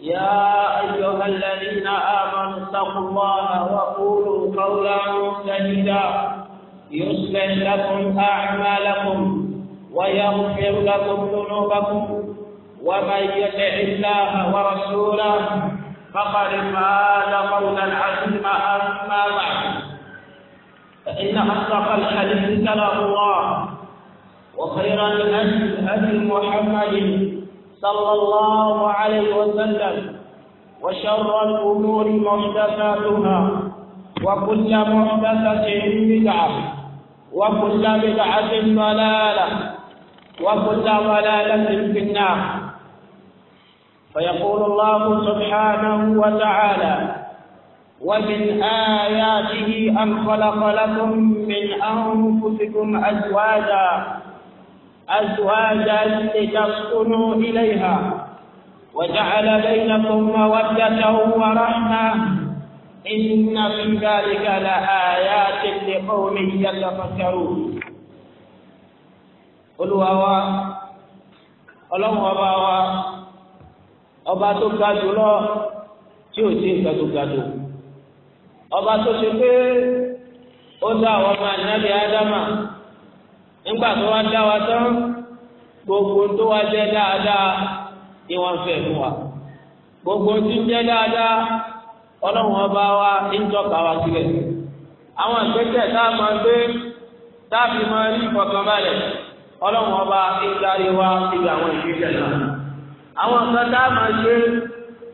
يا أيها الذين آمنوا اتقوا الله وقولوا قولا سديدا يصلح لكم أعمالكم ويغفر لكم ذنوبكم ومن يطع الله ورسوله فقد فاز قولا عظيما أما بعد فإن أصدق الحديث كلام الله وخير الهدي هدي محمد صلى الله عليه وسلم وشر الأمور محدثاتها وكل محدثة بدعة وكل بدعة ضلالة وكل ضلالة في النار فيقول الله سبحانه وتعالى ومن آياته أن خلق لكم من أنفسكم أزواجا أزواجا لتسكنوا إليها وجعل بينكم مودة ورحمة إن في ذلك لآيات لقوم يتفكرون Olúwa wa Ọlọ́run ọba wa ọba tó ga jùlọ tí ò sí nǹkan tó ga jù ọba tó ṣe pé ó dá àwọn ọmọ ànábì ádámà. nígbà tó wá dá gbogbo tó wá jẹ́ dáadáa ni wọ́n gbogbo tí ń jẹ́ dáadáa ọlọ́run ọba wa ń tọ́ka wa sílẹ̀ àwọn ìgbésẹ̀ tá a máa gbé tá a fi máa rí ọlọ́run ọba ń darí wa àwọn ìgbésẹ̀ náà àwọn tá a máa ṣe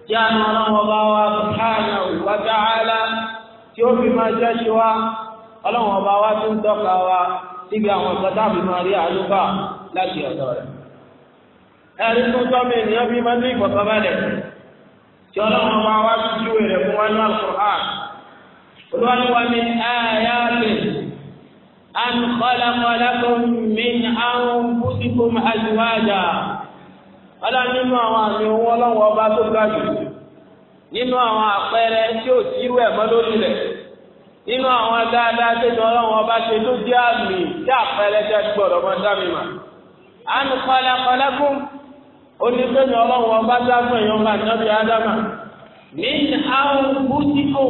tí a ọba wa tí ó fi máa jẹ́ ọlọ́run ọba wa ti síbi àwọn nǹkan táàbí máa rí àánúbà láti ọ̀dọ̀ rẹ̀. ẹni tó tọ́ mi ènìyàn fi máa ń ní ìfọ̀kànbalẹ̀ tí ọlọ́run bá wá sí wèrè fún wa ní al olúwaníwa mi ẹ̀yà lè an khalaqa lakum ọlá nínú àwọn àmì owó ọlọ́wọ́ ọba tó ga jù nínú àwọn àpẹẹrẹ tí ò sírú ẹ̀ mọ́ lórí rẹ̀. nínú àwọn dáadáa tètè ọlọ́run ọba ṣe ló jẹ́ àmì tí àpẹẹrẹ jẹ́ gbọ́dọ̀ mọ́ dámì mà. a ń kọ́lá kọ́lá fún onífẹ́mi ọlọ́run ọba sáfún èèyàn máa tọ́bi ádámà. ní àwọn bútíkò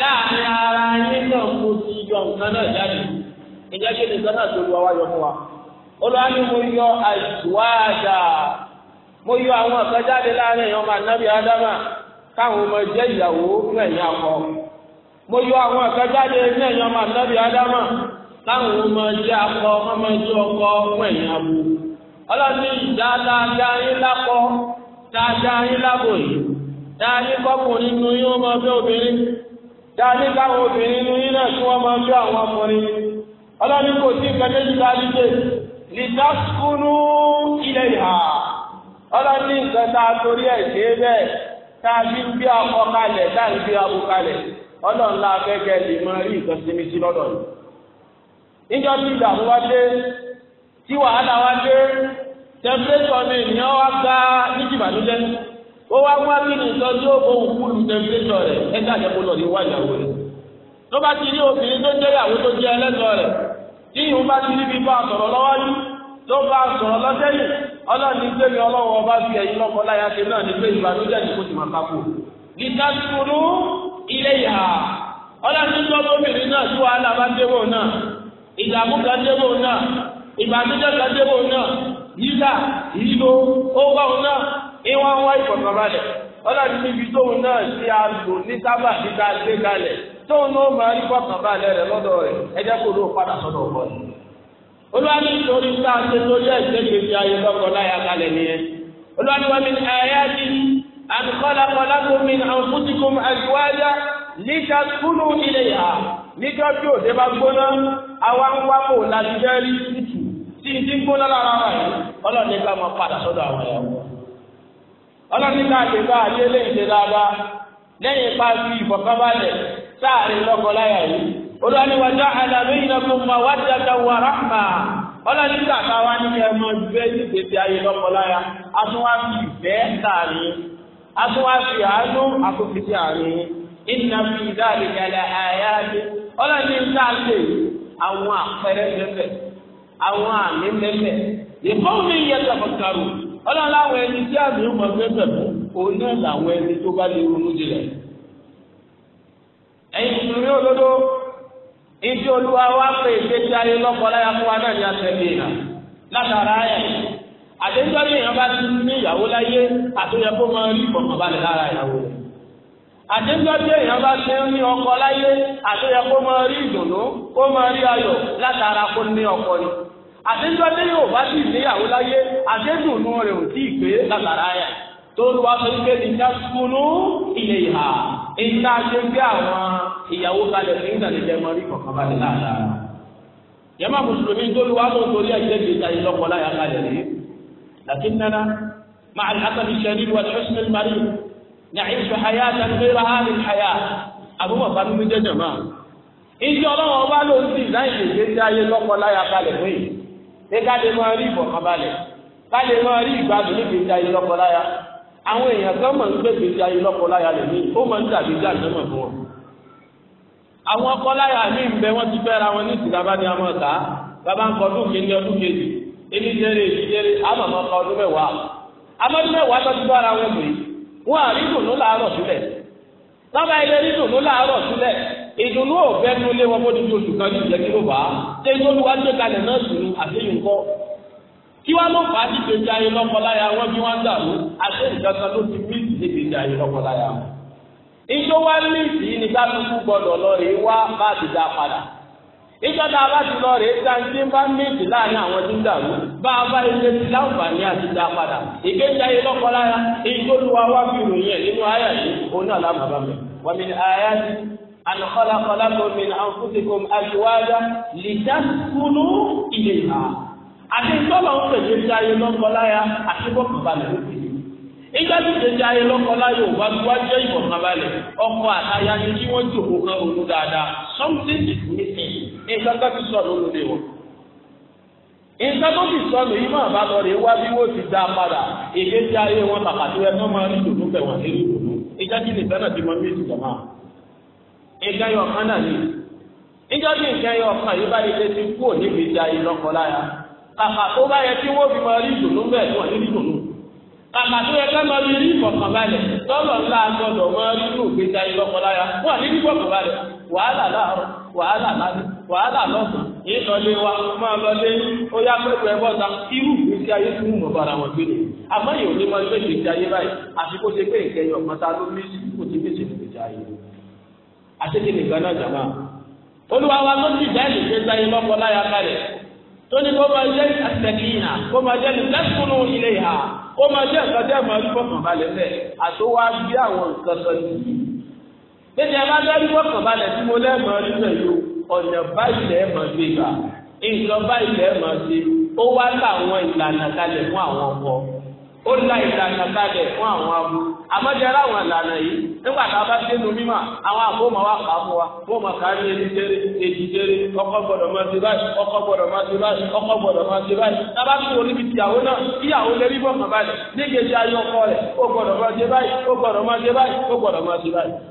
láàrin ara yín náà mo ti yọ nǹkan náà jáde. ìjẹ́ kí ni sọ́nà tó lu ọwọ́ yọ fún wa. olúwa ni mo yọ àìsùwáàdà mo yọ àwọn ọ̀kan jáde láàrin èèyàn máa tọ́bi ádámà káwọn ọmọ jẹ́ ìyàwó fún ẹ̀yìn akọ. mo yọ àwọn àkájáde ní ẹ̀yàn ọmọ àtẹ́bí ádámà láwọn ọmọ ẹjẹ́ akọ ọmọ ọkọ fún ẹ̀yìn abo ọlọ́ni ìjà dáadáa yín lákọ dáadáa yín lábò yìí kọkùnrin nu yín ọmọ obìnrin káwọn obìnrin nu yín náà àwọn kò sí ilẹ̀ ìhà nǹkan tá a torí ẹ̀ ṣe é bẹ́ẹ̀ ọlọ́run la kẹ́kẹ́ lè mọ rí nǹkan sinmi sí lọ́dọ̀ yìí. níjọ́ tí ìdààmú wá dé tí wàhálà wá dé tẹ̀mpétọ̀ mi ènìyàn wá gba níjìbànújẹ́ ó wá kí ni nǹkan tí ó rẹ̀ lọ ní wáyàwó rẹ̀. tó bá ti rí obìnrin tó jẹ́ ìyàwó tó jẹ́ ẹlẹ́tọ̀ rẹ̀ tí bá ti ilé ìhà ọlọ́run tó lóbìnrin náà tí wàhálà bá débò náà ìdààmú kan débò náà ìbànújẹ́ kan débò náà yíyá ìlò náà ìwọ̀n ń wá ìfọ̀kànbalẹ̀ ọlọ́run níbi tóun náà àlò ní sábà níta lé kalẹ̀ tóun náà máa fọ̀kànbalẹ̀ rẹ̀ lọ́dọ̀ rẹ̀ padà sọ́dọ̀ ni. sáà ṣe ayé lọ́kọ̀ọ́ nìyẹn ẹ̀yà أن خلق لكم من أنفسكم أزواجا لتسكنوا إليها níjọ́ tí òde bá gbóná àwa ń wá bò láti fẹ́ tí n ti gbóná lára wa yìí ọlọ́run ká máa padà sọ́dọ̀ àwọn ẹ̀yà wọn. ọlọ́run ká lè bá ayé lè ṣe dáadáa lẹ́yìn ipa ìfọ̀kànbalẹ̀ sáàrin lọ́kọláyà yìí ká ní ẹ̀mọ́ ìgbésí ayé lọ́kọláyà a atúwàsí si a àárín iná fi ìdáàlì yàrá àyà ni ọlọ́ni ń dáàlè àwọn àpẹẹrẹ mẹ́fẹ̀ àwọn àmì mẹ́fẹ̀ ìfọ́n mi yẹ kàkàrò ọlọ́ni àwọn ẹni tí efe ń mọ mẹ́fẹ̀ fún òun náà làwọn ẹni tó bá lè ronú jinlẹ̀. ẹ̀yin mùsùlùmí òdodo ibi àdéjọ́ ní èèyàn bá ti ní ìyàwó láyé àtúnyẹ kó máa rí ìfọ̀kànbalẹ̀ lára ìyàwó rẹ̀ àdéjọ́ tí èèyàn bá ti ní ọkọ láyé àtúnyẹ kó máa rí ìdùnnú kó máa rí ayọ̀ látara kó ní ọkọ ni àdéjọ́ tí yóò bá ti níyàwó láyé àdédùnnú rẹ̀ ò tí ì gbé látara ayà tó lu aṣọ ike ní dákúnú ilé ìhà iná ṣe gbé àwọn ìyàwó kalẹ̀ fún ìdàlẹ́jẹ́ لكننا مع الأسف الشديد والحسن المريض نعيش حياة غير هذه الحياة أبو بكر من جماعة ìjọ ọlọ́wọ́ ọba ló ń sìn láì lè gbé ayé lọ́kọ láya balẹ̀ fún yìí ṣé ká lè máa rí ìbọ̀kan balẹ̀ ká lè máa rí ìgbádùn ní gbèsè ayé lọ́kọ láya àwọn èèyàn kan mọ̀ ń gbé gbèsè ayé lọ́kọ láya lè ní ó máa ń dàbí jáde mọ̀ fún wọn. àwọn ọkọ láya mi ń bẹ wọn ti fẹ́ra wọn ní ìsìlábá ni a máa kà á bàbá ń kọ ọdún kejì ọdún kejì èmi jẹ́rẹ̀ èmi jẹ́rẹ̀ àmọ́ máa ka ọdún mẹ́wàá àmọ́ ọdún mẹ́wàá tó ti bá ara wọn pè wọn àrí dùnú làárọ̀ sílẹ̀ lábàá ilé rí dùnú làárọ̀ sílẹ̀ ìdùnnú ọ̀fẹ́ ní ilé wọn bójú oṣù kan ní ìjẹ́ kí ló bá ṣé inú olúwa gbé kalẹ̀ náà sùn àṣeyìn kọ́ kí wọ́n ló fà á ti gbèjà ayé lọ́kọláya wọn bí wọ́n dàrú àṣeyìn kankan ló ti mí ti gbèjà ayé lọ́kọláya wọn. ìjọ wa ní ìsìn ká ìjọ tá a bá ti lọ rè é sáà tí ń bá méjì láàrin àwọn tí ń dàrú bá a bá ilé ti láǹfààní àti dá padà ìgbésí ayé lọ́kọ lára ìjọlùwà wá fi ròyìn ẹ̀ nínú àyà yìí òun náà lámà bá mi. wọ́n mi ní àyà ti ànàkọ́lá kọ́lá kò mi ní àǹfùsìkò àṣìwájá lìjà kúnú ilé ìhà. àti ìtọ́lọ̀ ń pè ìgbésí ayé lọ́kọ láya àti bọ́ọ̀kù balẹ̀ lókè ìgbà tí ìgbésí ayé lọ́kọ láya ò bá gbọ́ jẹ́ ìfọ̀kànbalẹ̀ ọkọ àtayá ni kí wọ́n jòkó kan òun dáadáa something is missing nǹkan tó ti sọnù lóde wọn nǹkan tó ti sọnù yìí máa bá lọ rè wá bí wọ́n ti dá padà èdè tí ayé wọn pàpàtì ẹ tó máa rí dòdò bẹ̀ wọ́n lérí dòdò ìjọ kí nìkan náà ti mọ bí èsì jọ̀mọ́ nǹkan yọ ọ̀kan náà ni níjọ́ bí nǹkan yọ ọ̀kan yìí bá lè lè ti kú òní fi di ayé lọ́kọ láya kàkà tó bá yẹ kí wọ́n fi máa rí dòdò bẹ̀ wọ́n lérí dòdò kàkà tó yẹ ká máa rí ìfọ̀kànbalẹ̀ tọ́lọ̀ wàhálà lọ́sàn yìí lọlé wa máa lọlé ó yá pẹ́pẹ́ ẹ bọ́ta irú ìgbésí ayé tí wù mọ̀ bára wọn gbé ni àmọ́ yìí ò ní máa gbé ìgbésí ayé báyìí àti kó ṣe pé ìkẹyìn ọ̀kan ta ló ní kó ti gbèsè ìgbésí ayé àtẹ́kẹ́ nìkan náà jàmá olúwa wa ló ti dáìlì gbèsè ayé lọ́kọ láyà kalẹ̀ tó ní kó máa jẹ́ àtẹ̀kìyà kó máa jẹ́ nìkẹ́kùnú ilé ìhà kó máa jẹ́ nǹkan tẹ́ máa rí fọkàn balẹ̀ bẹ́ẹ̀ àtọwá bí àwọn nǹkan sọ nìyí. Bẹ́ẹ̀ni ẹ bá dá rí fọkàn balẹ̀ tí mo lẹ́ẹ̀mọ́ nígbà yìí o. ọ̀nà báyìí lẹ́ẹ̀ máa gbé gbà nǹkan báyìí lẹ́ẹ̀ máa ṣe ó wá láwọn ìlànà kalẹ̀ fún àwọn ọkọ ó la ìlànà kalẹ̀ fún àwọn abo ìlànà yìí nígbà tá a bá dénú mímọ́ àwọn àbó máa wá kà fún wa wọ́n máa ní ẹni jẹ́rẹ́ èjì ọkọ gbọ́dọ̀ máa ṣe báyìí ọkọ gbọ́dọ̀ máa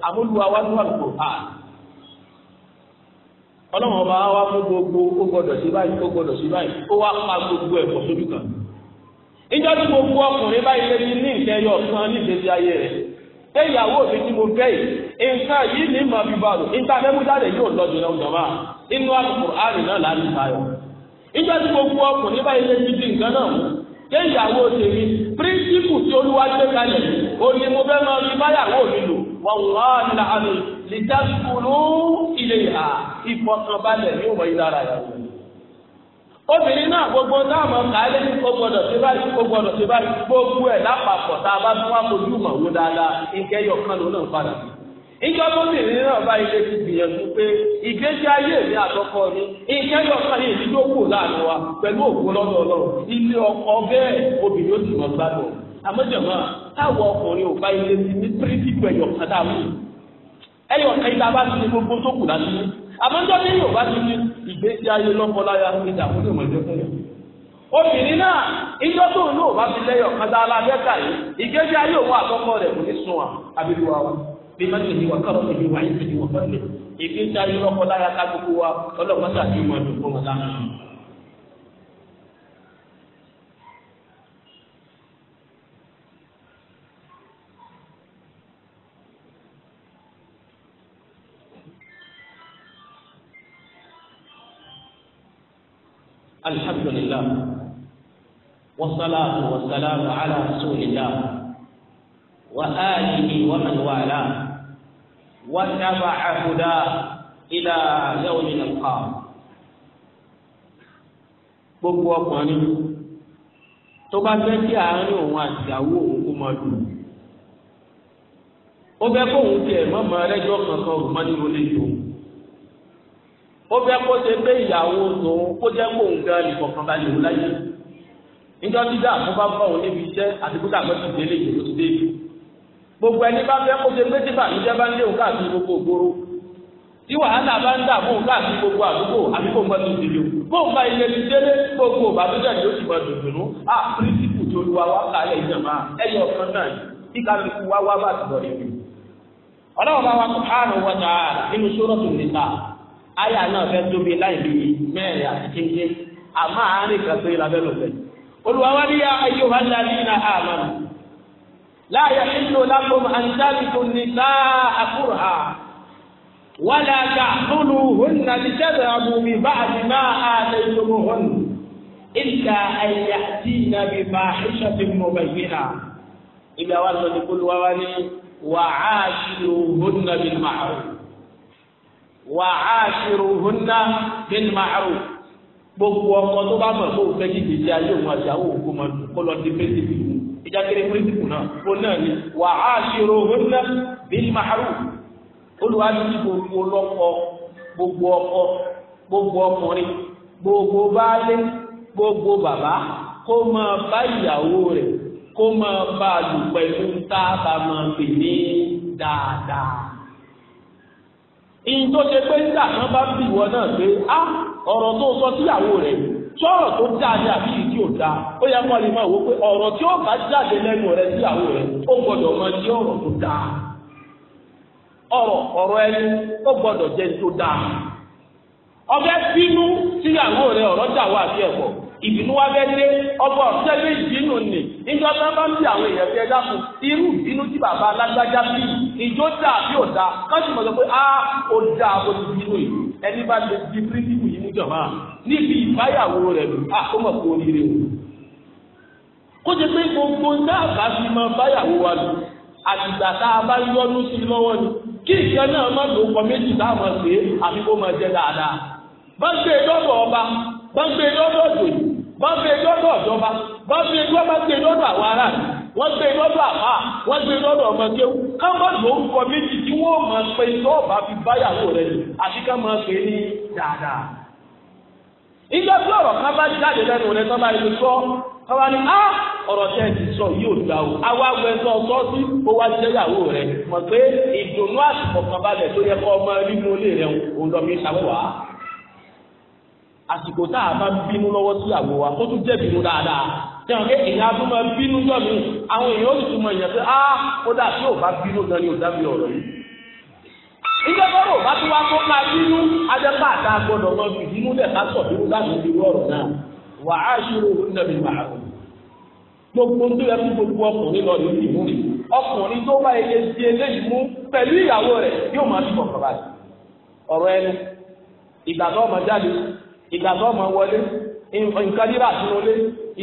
ọkọ gbọ́dọ̀ máa ṣe báyìí ọlọ́run ọba wa mú gbogbo ó gbọdọ̀ sí báyìí ó gbọdọ̀ sí báyìí ó wá pa gbogbo ẹ̀kọ́ sójú kan. ìjọ tí gbogbo ọkùnrin báyìí lè ní ìtẹ́ yọ kan nígbèsí ayé rẹ̀ pé ìyàwó mi tí mo fẹ́ yìí nǹkan yìí ní màá fi bàrò nǹkan mẹ́múdáde yóò lọ́dún náà jọba inú Al-Qur'an náà láti tayọ. ìjọ tí gbogbo ọkùnrin báyìí lè ti di nǹkan náà mú pé ìyàwó tèmi píríncípù tí olúwa gbé kalẹ̀ òní mo fẹ́ máa fi báyàwó mi lò wọ́n wá ní lìtàkùnú ilé ìhà ìfọkànbalẹ̀ ní òmò ìlara ìyàwó. obìnrin náà gbogbo táwọn kàálẹ̀ ní kó gbọdọ̀ ṣe báyìí kó gbọdọ̀ ṣe báyìí gbogbo ẹ̀ lápapọ̀ tá a bá tún wá kojú mọ̀ wó dáadáa ìkẹyọ̀ kan ló náà padà sí ìjọ gómìnà náà bá ilé ti gbìyànjú pé ìgbésí ayé mi àtọkọ mi ìjẹ́ yọ̀ọ̀kan yìí ti dókò láàánú wa pẹ̀lú òkú lọ́dọ̀ ọlọ́run ilé ọkọ bẹ́ẹ̀ obìnrin ó sì mọ̀ gbádùn àmọ́jọ̀mọ́ táwọn ọkùnrin ò bá ilé ti ní pírísìpù ẹ̀yọ̀kan dáhùn ẹyọ ọ̀kan ìta bá ti ṣe gbogbo tó kù láti ní àmọ́jọ́ ní yóò bá ti ní ìgbésí ayé lọ́kọláya ìjà fún ìwọ̀n ẹgbẹ́ fún yẹn. obìnrin náà ìjọ tó ń lò bá fi lẹ́yọ̀ kọjá alábẹ́ta yìí ìgbésí ayé òun àkọ́kọ́ rẹ̀ kò ní sun à abílú wa bí má tẹ̀lé wa káwọn tẹ̀lé wa yìí tẹ̀lé wa fẹ́lẹ̀ ìgbésí ayé lọ́kọláya ká gbogbo wa ọlọ́pàá الحمد لله والصلاة والسلام على رسول الله وآله ومن والاه واتبع هداه إلى يوم نلقاه gbogbo ọkùnrin tó bá fẹ́ kí àárín òun àtìyàwó òun kó máa dùn ó fẹ́ kóun tiẹ̀ mọ́ mọ́ ẹlẹ́jọ́ kankan òun mọ́ nínú ilé yìí ó fẹ́ kó ṣe pé ìyàwó tòun kó jẹ́ kó ń gan ìkọ̀kan balẹ̀ wò láyé níjọ́ dídá tó bá bọ̀ òun níbi iṣẹ́ àti kó dàgbọ́ ti délé ti dé gbogbo ẹni bá fẹ́ kó ṣe pé tífà níjẹ́ bá ń léwu káàkiri gbogbo ògbóró tí wàhálà bá ń dà fún káàkiri gbogbo àdúgbò ń kó ń ilé ti délé gbogbo ti àyà náà fẹ́ tóbi láì bí mẹ́rin àti kéńké àmọ́ àárín kan pé labẹ́ ló fẹ́. Olúwa wa ní ayyuhal ladina amanu la yahillu lakum an tarithu nisaa kurha wala ta'dhuluhunna litadhabu bi ba'di ma ataytumuhunna illa an ya'tina bi fahishatin mubayyinah. Ibi àwa sọ ní Olúwa wa ní wa'ashiruhunna bil ma'ruf wà á ṣirò húnná bíi màárù gbogbo ọkọ tó bá mọ̀ kó o fẹ́ kí gbèsè ayé òun àti àwọn òkú máa dùn kó lọ di pẹ́sìtì òun ìjà kiri pẹ́sìtì náà kó náà ni wà á ṣirò húnná bíi màárù olùwádìí gbogbo ọlọ́kọ gbogbo ọkọ gbogbo ọkùnrin gbogbo baálé gbogbo bàbá kó máa bá ìyàwó rẹ̀ kó máa bá a lò pẹ̀lú tá máa pè ní dáadáa. ìyìn tó ṣe pé nígbà kan bá bì wọ náà pé á ah, ọ̀rọ̀ tó sọ síyàwó rẹ̀ sọ̀rọ̀ tó dáa ní àbí ìdí ò dáa ó yẹ kó lè wò pé ọ̀rọ̀ tí ó bá jáde lẹ́nu rẹ̀ síyàwó rẹ̀ ó gbọ́dọ̀ máa jẹ́ ọ̀rọ̀ tó dáa ọ̀rọ̀ ọ̀rọ̀ ẹni ó gbọ́dọ̀ jẹ́ tó bínú síyàwó rẹ̀ ọ̀rọ̀ ìbínú wa bẹ́ẹ̀ dé ọgbọ́n ṣẹ́gbẹ́ ìbínú ni níjọ́ tá bá ń bí àwọn èèyàn fi ẹja fún irú ìbínú tí bàbá alágbájá bí ìjó dà bí ò dá káṣí mọ̀ sọ pé a ò dá o ti bínú yìí ẹni bá lè di pírísìpù yìí níjọba níbi ìbáyàwó rẹ̀ lù á kó mọ̀ kó oríire o. kó ṣe pé gbogbo dáàbà fi mọ báyàwó wa lù àtìgbà tá a bá yọnu sí lọ́wọ́ ni kí ìkan náà má lò kọ méjì táwọn ṣe àfi kó máa jẹ dáadáa. bá ń gbé lọ́dọ̀ ọba bá ń gbé lọ́dọ̀ òjòyì wọ́n gbé lọ́dọ̀ ìjọba wọ́n gbé lọ́dọ̀ gbé lọ́dọ̀ àwọn ará wọ́n gbé lọ́dọ̀ àbá wọ́n gbé lọ́dọ̀ ọmọ kéwù ká lò ó kọ méjì tí wọ́n sọ́ọ̀bà fi báyàwó rẹ̀ àti ká ní dáadáa. ìjọ tí ọ̀rọ̀ sọ wá ní á ọ̀rọ̀ tẹ́ ti sọ gbà o àwa wẹ sọ sọ sí ó wá jẹ́ ìyàwó rẹ̀ mọ̀ pé ìdùnnú balẹ̀ àsìkò tá a bá bínú lọ́wọ́ sí àgbo wa tó tún jẹ́ bínú dáadáa tẹ̀wọ̀n pé èèyàn tó máa bínú jọ mí àwọn èèyàn ó sì tún mọ èèyàn pé á ó dà tí ò bá bínú gan ni ò dábìí ọ̀rọ̀ yìí. ìjọ tó rò bá tún wá kó ká bínú ajẹ́pá àti agbọ́dọ̀ mọ ìbínú lẹ̀ ká sọ̀ bínú láti fi rọrọ̀ náà wà á ṣírò nàbí màá gbogbo tó yẹ kí gbogbo ọkùnrin lọ ní ìlú rẹ̀ ọkùnrin tó bá yẹ di eléyìí mú pẹ̀lú ìyàwó rẹ̀ yóò máa tún bọ̀ ìgbà tó ọmọ wọlé nǹkan rírà sínú ilé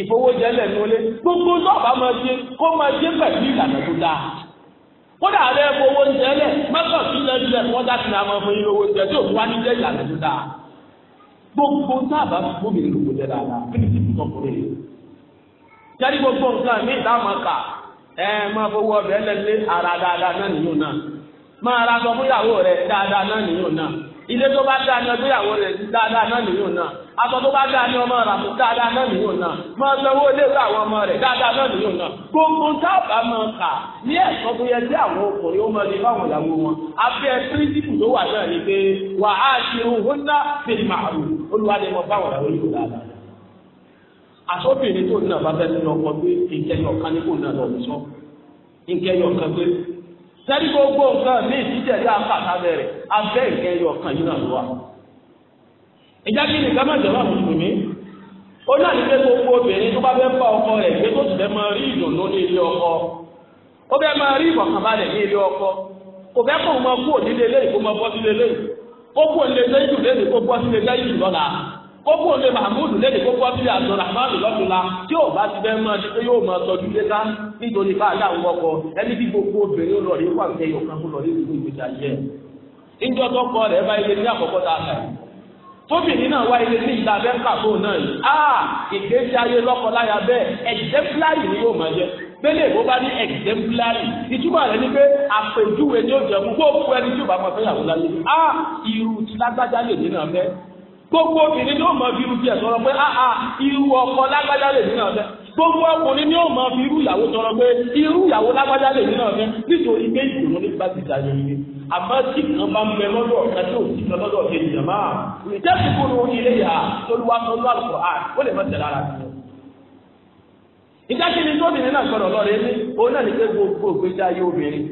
ìfowójẹlẹ̀ sínú ilé gbogbo sọ́ọ̀bà máa ṣe kó máa ṣe pẹ̀lú ìlànà tó dáa kódà rẹ fowó ń tẹ́lẹ̀ mẹ́kàn sí lẹ́sílẹ̀ wọ́n dá sílẹ̀ àwọn fún yín lówó jẹ tí òun wá ní jẹ́ ìlànà tó dáa gbogbo sábà gómìnà lòkò jẹ dáadáa kí ni ti fi tọkùnrin yìí jẹ́rí gbogbo nǹkan mi ìta máa kà ẹ máa fowó ọbẹ̀ lẹ́lẹ́ ara dáadáa náà nìyóò náà máa ra sọ fún ìyàwó rẹ dáadáa náà nìyóò náà ilé tó bá dáa ní ọgbéyàwó rẹ̀ dáadáa náà nìyó náà aṣọ tó bá dáa ní ọmọ rà fún dáadáa náà nìyó náà máa sanwó ilé ìwé àwọn ọmọ rẹ̀ dáadáa náà nìyó náà gbogbo táàbà máa kà ní ẹ̀sọ́ tó yẹ sí àwọn ọkùnrin ó máa fáwọn ìyàwó wọn abẹ́ píríncípù tó wà náà ni pé wà á ṣe òun ná fèrè màrú olùwádìmọ̀ fáwọn ìyàwó yìí kò dáadáa àṣọ́bìnrin tó ní sẹ́ni gbogbo nǹkan ní ìdíjẹ̀dí àkàtà bẹ̀rẹ̀ abẹ́ ìkẹ́ yọ ọ̀kan yìí náà ló wà. ìjà kí nìkan má jọ̀rọ̀ mùsùlùmí ó náà ní pé gbogbo obìnrin tó bá fẹ́ bá ọkọ rẹ̀ gbé tó sì fẹ́ máa rí ìdùnnú ní ilé ọkọ ó fẹ́ máa rí ìfọ̀kànbalẹ̀ ní ilé ọkọ kò fẹ́ kó máa kú òdílé lẹ́yìn kó máa bọ́ sílé lẹ́yìn kó kú òdílé lẹ́yìn lẹ́yìn kó bọ́ sílé lẹ́yìn lọ́la kókó olè mahmud léde kókó abílẹ̀ abdulrahman lọ́tùlá tí yóò bá ti bẹ́ẹ̀ máa ṣe yóò máa tọ́jú létá nítorí bá àdá àwọn ẹni tí gbogbo obìnrin lọ rí wà ní ẹyọ kan fún lọ rí gbogbo ìgbésí ayé ẹ̀. ìjọ tó kọ rẹ̀ bá ilé ní àkọ́kọ́ tá a kà tóbìnrin náà wá ilé ní ìlà abẹ́ kàkó náà yìí a ìgbésí ayé lọ́kọ láya bẹ́ẹ̀ bá ní exemplary ìtumọ̀ rẹ̀ ni pé àpèjúwe ni ó jẹ́ fún gbogbo ẹni tí ò bá máa fẹ́ láyé a irú tí lágbájá lè ní náà gbogbo obìnrin ni ó mọ fi irú tiẹ̀ sọ̀rọ̀ pé áhà ah, ah, irú ọkọ lágbájá lè ní náà fẹ́ gbogbo ọkùnrin ni ó mọ fi irú ìyàwó sọ̀rọ̀ pé irú ìyàwó lágbájá lè ní náà fẹ́ nítorí pé ìdùnnú nípa ti dàgbé yìí àmọ́ tí kan bá ń bẹ lọ́dọ̀ ọ̀kan tí ò sí kan lọ́dọ̀ ọ̀kan ènìyàn máa ìjẹ́sì kúrò ilé yà olúwa sọ́nù àlùkò à ó lè má tẹ̀lé ara rẹ̀. ìjẹ́sì ni tóbìnrin náà gbọ́dọ̀ lọ́rẹ̀ ní òun náà ní pé gbogbo ògbésí ayé obìnrin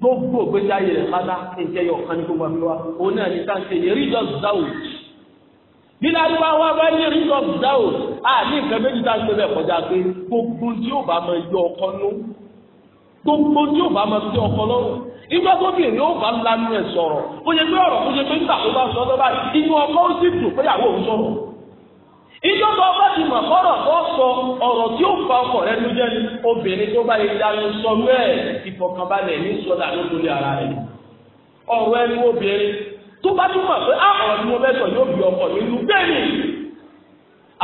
gbogbo ògbésí ayé rẹ̀ pátá ìjẹyọ̀ kan ní gbogbo àbíwá òun náà ní sáǹtẹ̀ bí lárúbáwá bá ní ring of doubt a ní nǹkan méjì tá a ń pè bẹ́ẹ̀ kọjá pé gbogbo tí ò bá máa yọ ọkọ nú gbogbo tí ò bá máa fi ọkọ lọ́rùn ìgbà tó bìnrin yóò bá lanu ẹ̀ sọ̀rọ̀ ó yẹ pé ọ̀rọ̀ tó yẹ pé nígbà tó bá sọ lọ́ba inú ọkọ ó sì dùn pé ìyàwó òun sọ̀rọ̀ ìjọ tó ọba ti mọ̀ kọ́rọ̀ tó sọ ọ̀rọ̀ tí ó fa ọkọ rẹ ló jẹ́ ni obìnrin tó bá yẹ lanu sọ bẹ́ẹ̀ ìfọ̀kànbalẹ̀ ní sọdà ló lórí ara rẹ̀ ọ̀rọ̀ ẹni obìnrin tó bá tún mọ̀ pé ah, ọ̀rọ̀ ni mo sọ yóò bí ọkọ̀ nínú bẹ́ẹ̀ni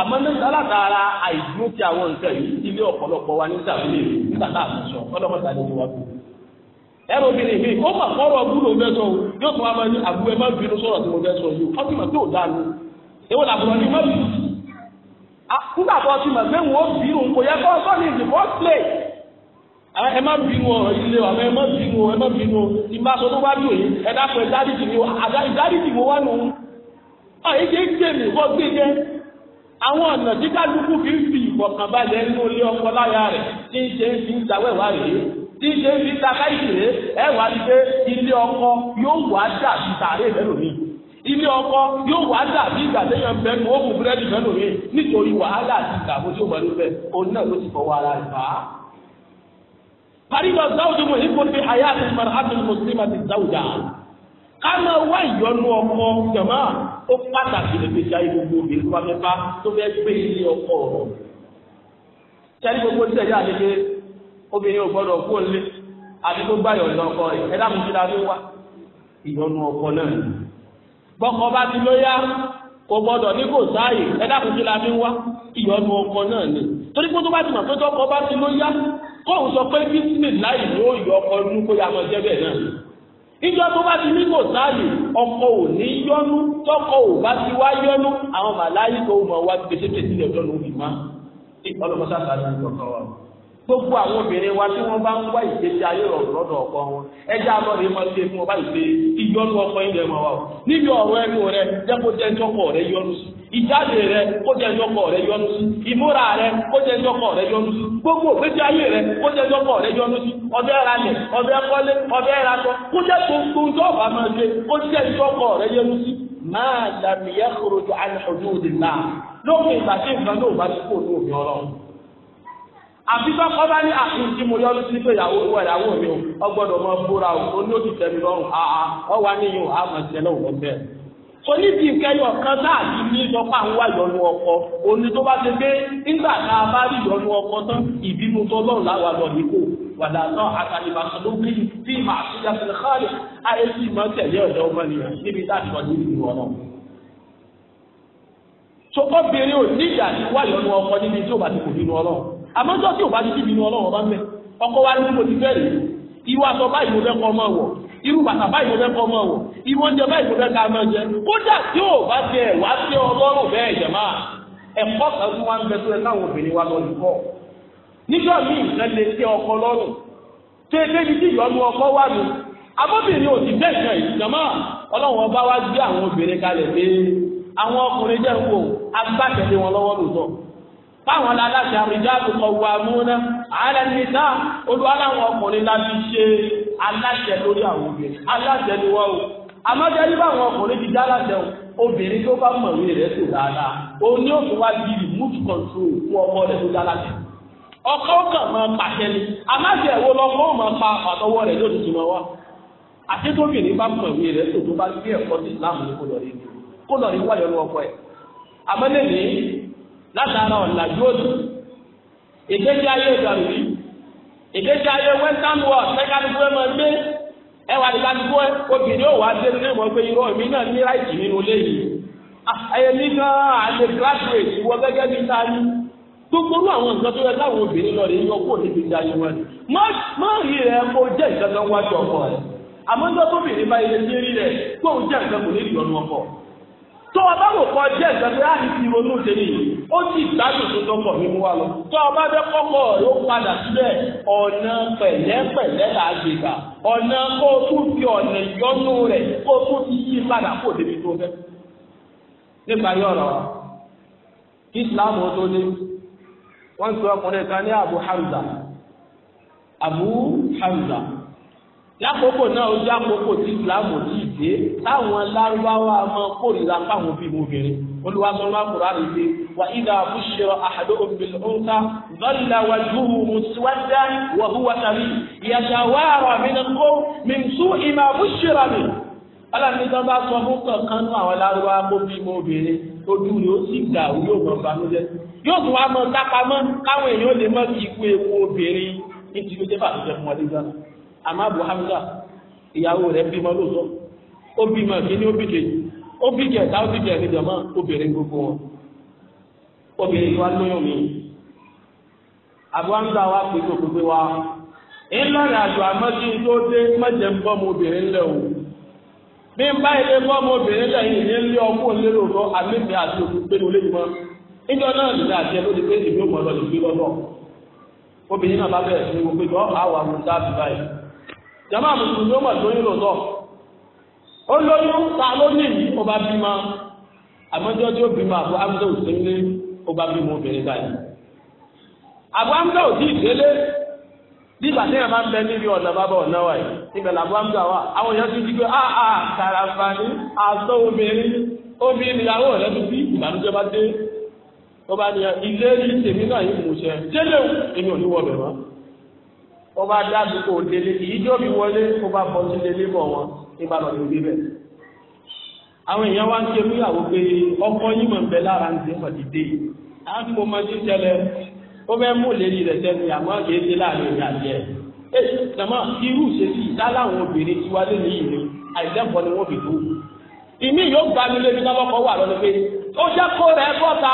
àmọ́ nígbà látara àìdúró ti àwọn nǹkan yìí ilé ọ̀pọ̀lọpọ̀ wa nígbà tó lè nígbà tá a sọ ọlọ́mọta ni wọ́n kú ẹ̀rọ obìnrin mi ó mà kọ́rọ̀ gúlò fẹ́ sọ yóò wá máa ní àbúrò ẹ má bínú sọ̀rọ̀ tí mo fẹ́ sọ yìí ọtí mà ah, tó ẹ má bínú ọ ilé wa ẹ má bínú ọ ẹ má bínú ọ ìmọ̀ tó bá dùn yìí ẹ dákun ẹ ọ èyí ṣe ń gbé jẹ́ àwọn ọ̀nà tí fi ń fi ìfọ̀kànbalẹ̀ nínú ilé ọkọ láyà rẹ tí ń ṣe ń fi ń dawẹ́wà rèé tí ń ṣe ń fi ta ẹ ọkọ yóò wá dà bí tààrẹ ọkọ yóò wá dà bí ìgbàdéyàn búrẹ́dì nítorí wàhálà àti ìgbàgbọ́ pariwo zawudu mu hippo fi hayati marhatu muslima ti zawuda kama wá ìyọnu ọkọ jama ó pàtàkì lẹgbẹsẹ ayé gbogbo obìnrin wa mẹ́fà tó fẹ́ gbé ilé ọkọ rẹ̀ sẹni gbogbo tí ẹyà àlejò obìnrin ò gbọ́dọ̀ kú òlé àti tó gbá ìyọnu ọkọ rẹ̀ ẹ dáàbò sí dáadé wá ìyọnu ọkọ náà bọkọ bá ti lóyá kò gbọ́dọ̀ ní kò sáàyè ẹ dáàbò sí dáadé wá ìyọnu ọkọ náà ni torí pé tó bá ti mọ̀ pé tọkọ bá ti ló yá kóun sọ pé bísímì láì ló ìyọ ọkọ inú kó yá mọ jẹ́ bẹ́ẹ̀ náà ìjọ tó bá ti ní kò sáàyè ọkọ ò ní yọnu tọkọ ò bá ti wá yọnu àwọn màláyé kò mọ̀ wá gbèsè tètè ọjọ́ ló fi má ọlọ́mọ sáà sáà ní ọkọ wa gbogbo àwọn obìnrin wa tí wọ́n bá ń wá ìgbésí ayé ọ̀rọ̀ lọ́dọ̀ ọkọ wọn ẹja lọ́ọ̀rì máa ṣe fún ọba ìgbé ìyọnu ọkọ ilẹ̀ mọ́ wa o níbi ọ̀rọ̀ ẹnu rẹ jẹ́ kó jẹ́ ìjọkọ̀ rẹ yọnu sí ìjáde rẹ kó jẹ́ ìjọkọ̀ rẹ yọnu sí ìmúra rẹ kó jẹ́ ìjọkọ̀ rẹ yọnu sí gbogbo ògbésí ayé rẹ kó jẹ́ ìjọkọ̀ rẹ yọnu sí ọbẹ̀ ralẹ̀ ọbẹ̀ kọ́lé ọbẹ̀ rakọ kó jẹ́ gbogbo ìjọba máa ṣe kó jẹ́ ìjọkọ̀ rẹ yọnu sí máa làmìyẹ́ kúròjọ àlùfọ́jú òdìlá lókè ìgbà tí ìgbà náà bá ti kó ní òmìnira ọ̀hún àfi tọkọ bá ní àfihàn ah, tí mo yọ lọ sí pé ìyàwó ìwà ìyàwó mi o ọgbọ́dọ̀ mọ bóra o ó ní òtún tẹmí lọ́rùn àá ah, ah, ọwà níyìn o àmọ́ ìṣẹ̀lẹ̀ òun bẹ́ẹ̀. oníbi ìkẹyìn ọ̀kan sáàbí ní ìjọba ń wá ìyọnu ọkọ òní tó bá ti gbé nígbà tá a bá rí ìyọnu ọkọ tán ìbínú tọlọ́run láwa lọ ní kò wàdà náà àtàlìbàṣọlógún tí màá ti yá sílẹ̀ káàlì àmọ́ tó tí ò bá ti síbi inú ọlọ́wọ́ bá ń bẹ̀ ọkọ wa ní mo ti fẹ́ rèé irú aṣọ báyìí mo fẹ́ kọ́ ọmọ wọ̀ irú bàtà báyìí mo fẹ́ kọ́ ọmọ wọ̀ irú oúnjẹ báyìí mo fẹ́ ká ọmọ jẹ kódà tí ò bá tiẹ̀ wá sí ọlọ́run bẹ́ẹ̀ jẹ̀ máa ẹ̀kọ́ kan tí wọ́n ń bẹ tó ẹ káwọn obìnrin wa lọ nìkọ́ níjọ́ míì nǹkan lè tẹ ọkọ lọ́rùn tẹ débi tí ìyọnu ọkọ wà nù abóbìnrin ò ti bẹ́ẹ̀ ìjọmọ́ ọlọ́run ọba wa gbé àwọn obìnrin kalẹ̀ pé àwọn ọkùnrin jẹ́ ń wò agbátẹ̀lé wọn lọ́wọ́ lòótọ́ fáwọn aláṣẹ àrídáàbò ọwọ́ amúná ààrẹ nìta olúwa láwọn ọkùnrin láti ṣe aláṣẹ lórí àwọn obìnrin aláṣẹ ni wọn o àmọ́jẹ́ nígbà àwọn ọkùnrin ti dá aláṣẹ o obìnrin tó bá mọ̀wé rẹ̀ tó dáadáa òun ni ó wá di remote control fún ọkọ rẹ̀ tó dá aláṣẹ ọkọ kan máa pàṣẹ ni àmọ́jẹ́ ìwo lọ́kọ́ ó máa pa àtọwọ́ rẹ̀ lóde tó máa wá àti tóbìnrin bá mọ̀wé rẹ̀ tó tó bá gbé ẹ̀kọ́ sí ìsìlámù kó lọ látara ọ̀làjú òdì ìgbésí ayé ìdàrú yìí ìgbésí ayé western world sẹ́kàdúgbò ẹ̀ máa gbé ẹwà ìdádúgbò obìnrin ò wá dé nínú ìmọ̀ pé irọ́ mi náà ní ráìtì nínú ilé yìí ẹ̀yẹ mi gan àti graduate wọ gẹ́gẹ́ bí ta ni gbogbo orú àwọn nǹkan tó yẹ káwọn obìnrin lọ rè é yọ kó níbi ìdá yìí wọn má rí rẹ kó jẹ́ ìkankan wájú ọkọ rẹ àmọ́ ń dọ́ tóbìnrin bá ilé ní rí rẹ kó jẹ́ ìkankan kò ní ìdùnnú ọkọ rẹ. tó ọba bá wò kọ jẹ́ ìgbàgbé láti fi ronú tèmi ó ti gbádùn tó tọkọ mi mú wa lọ tó o bá fẹ́ padà síbẹ̀ ọ̀nà pẹ̀lẹ́pẹ̀lẹ́ là á gbé gbà ọ̀nà kó o tún fi ọ̀nà ìyọnu rẹ̀ kó o tún Abu Hamza. lákòókò náà ó jẹ́ àkókò tí islam ò tí ì dé táwọn lárúbáwá máa kórìíra fáwọn òbí obìnrin olùwàsánlá kùránì pé wà ìdá àbúṣerọ àhàdó obìnrin ọ̀nká lọ́lá wà dúró mùsùlùmá wà húwa sàrí ìyàṣà wà rà mí ní kó mi tú ìmọ̀ àbúṣerọ mi. aláàbí tó bá sọ fún kankan nú àwọn lárúbáwá kó bí mo obìnrin tó dúró ó sì gbà ó yóò mọ̀ banújẹ́ yóò tún wá mọ sápamọ́ káwọn èèyàn àmọ́ Abu Hamza ìyàwó rẹ̀ bímọ lóòótọ́ ó bímọ kíní ó bí kejì ó bí kẹta ó bí kẹrin jọmọ obìnrin gbogbo wọn obìnrin wa lóyún mi Abu Hamza wa pè tó gbogbo wa ńlọrọ àjọ àmọ́ kí n tó dé mọ̀jẹ̀ ń bọ́ mu obìnrin lẹ̀ o bí n bá ilé bọ́ mu obìnrin lẹ̀ yìí ní ilé ọkọ̀ lérò lọ àmì àti òkúté ní olé ìmọ̀ níjọ náà lè àti ẹ lóde pé èmi ò mọ̀ lọ́dún gbé lọ́dọ̀ obìnrin náà bá bẹ̀rẹ̀ sí gbogbo ìgbọ́ àwọn àmúta àbí báyìí jama mùsùlùmí ó mọ̀ lóyún lòótọ́ ó lóyún ta ló ní ìlú ó bá bímọ àmọ́jọ́ tí ó bímọ àbọ̀ amúdé òsèlé ó bá bímọ obìnrin báyìí àbọ̀ amúdé òsì ìdélé nígbà tí yẹn máa ń bẹ níbi ọ̀nà bàbá ọ̀nà wa yìí níbẹ̀ làbọ̀ amúdé àwa àwọn èèyàn ti di pé a ah, a ah, kàràfàní àtọ́ obìnrin obìnrin ìyàwó rẹ̀ ti fi ìbànújẹ́ bá dé ó bá ní ilé ní tèmi náà yìí mú ó bá dá àdúgbò délé èyí tí ó fi wọlé ó bá bọ́ sí délé bọ̀ wọn nígbà lọ sí débẹ̀. àwọn èèyàn wá ń ké fúyàwó pé ọkọ yìí mọ̀ ń bẹ lára ń dé mọ̀ dídé à ń kó máa ti ó fẹ́ mú lérí rẹ̀ sẹ́nu àmọ́ kìí ṣe láàrin ìrìn àjẹ́ ẹ̀ tẹ̀mọ́ irú ìṣesí ìdáláwọn obìnrin tí wálé nìyí ni àìlẹ́kọ̀ọ́ ni wọ́n fi tó ìmí yóò gba mi lébi lọ́kọ̀ wà lọ́dún pé ó jẹ́ kó rẹ̀ bọ́ta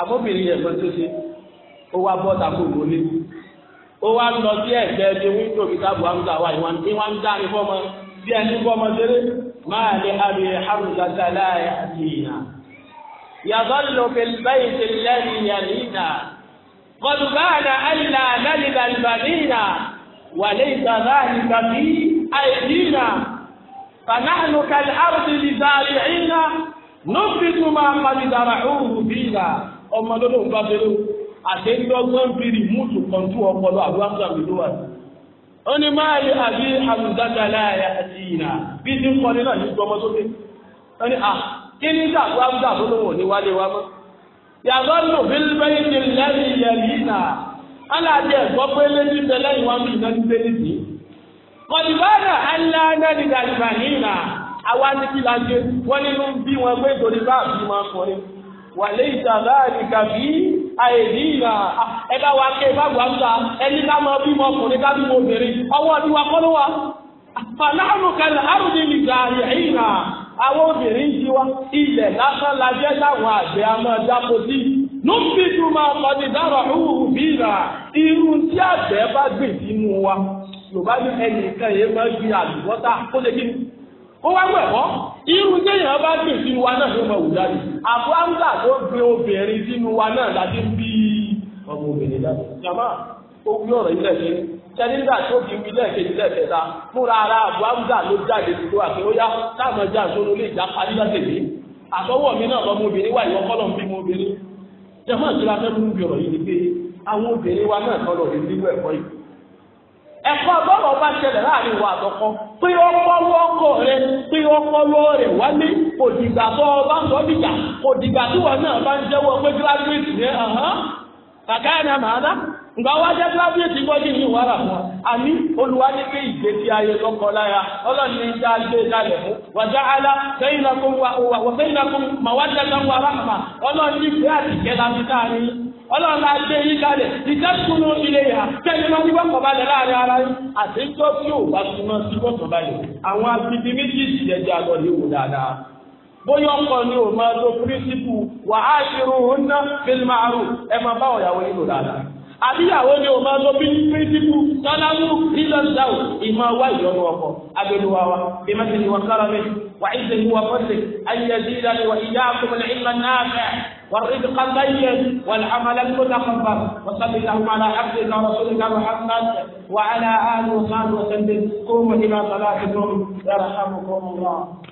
àbóbìnrin yẹn gbọ́n tó ṣe ó wá bọ́ta kó wọlé ó wá ń lọ sí ẹ̀gbẹ́ ẹni wíńdò mi tábù hamza wa ìwọ̀n ní wọ́n ń dá ní fọ́mọ bí ẹni fọ́mọ ṣeré máa ní abi hamza tala yàtìnà yàtọ̀lù fìlbẹ́yì ti lẹ́yìn yàtìnà fọlùbáàdà àìlà nàlìlà ìbàdìnà wàlẹ́ ìtàdá ìbàdí àìdínà فنحن كالأرض لزارعين نفرط ما قد زرعوه فينا ọmọ lọ́dọ̀ ń bá fẹ́rẹ́ àtẹ́ńdọ́gbọ́n fi rìmúùtù kọ̀ǹtù ọpọlọ àbúrò àbúrò ó ní máa lè àbí àmùdáta láàyà àti ìnà bí ti ń kọ́ nínú àti gbọmọ sókè ó ní à kí ní dàgbà àbúdà tó lóun ò ní wálé wa mọ́ yàtọ̀ nù bílbẹ́yì ti lẹ́yìn yẹ̀lì ìnà aláàjẹ ẹ̀gbọ́ pé lẹ́yìn ìbẹ̀ lẹ́yìn wa mú ìná ti dé nìyí. kọ̀dùbọ́nà aláàdáni dàgbà nìyìnà àwa àyèdí ìlà ẹ bá wa ké bá wà ẹni ká máa bímọ ọkùnrin ká wa wa ní gàrí àwọn obìnrin ti wa ilẹ̀ lásán táwọn àgbẹ̀ máa bí irú tí àgbẹ̀ wa Yorùbá ní yẹn máa gbin kó lè kí ni. ó wá gbẹ̀kọ́ irú téèyàn bá gbè sínú wa náà ló mọ òwú jáde àbúráńgà tó gbé obìnrin sínú wa náà láti ń bí ọmọ obìnrin náà jàmá ó gbé ọ̀rọ̀ ilẹ̀ ṣe sẹ́díńgà tó fi wí lẹ́ẹ̀kejì lẹ́ẹ̀kẹta múra ara àbúráńgà ló jáde tó wà pé ó yá táwọn ọjà sóró lè já parí látẹ̀lé àtọwọ́ mi náà lọ́mọ obìnrin wà ìwọ́n kọ́lọ̀ ń bímọ obìnrin jàmá ìṣúra fẹ́ mú ẹ̀kọ́ bọ́ọ̀lù bá ṣẹlẹ̀ láàrin ìwà àtọ̀kọ́ pé ọkọ wọ́ọ̀kọ̀ rẹ pé ọkọ rẹ wálé ní dìgbà tó ọba sọ tí wọn náà bá ń jẹ́wọ́ pé graduate rẹ kàkà ẹ̀rẹ̀ màánà ǹgbà wá jẹ́ gbọ́dí ní fún wa àní olùwà ní pé ayé lọ́kọ láya ọlọ́run ní ìjà gbé lálẹ́ mú ọlọ́run la gbé yín kalẹ̀ ìtẹ́kùnú ilé yà kẹ́ni wọn ní wọ́pọ̀ balẹ̀ láàrin ara yín àtijọ́ tí ò bá súnmọ́ sí wọ́pọ̀ balẹ̀ àwọn agidi méjì sì jẹ́ ọkọ ni ò máa lo pírísìpù wà á ṣerú ẹ máa bá ọ̀yàwó yín lò dáadáa àbíyàwó ni ò máa lo pírísìpù tọ́lámù ọkọ wa bí والرزق اللين والعمل المتخبر وصل اللهم على عبدك ورسولك محمد وعلى اله وصحبه وسلم قوموا الى صلاتكم يرحمكم الله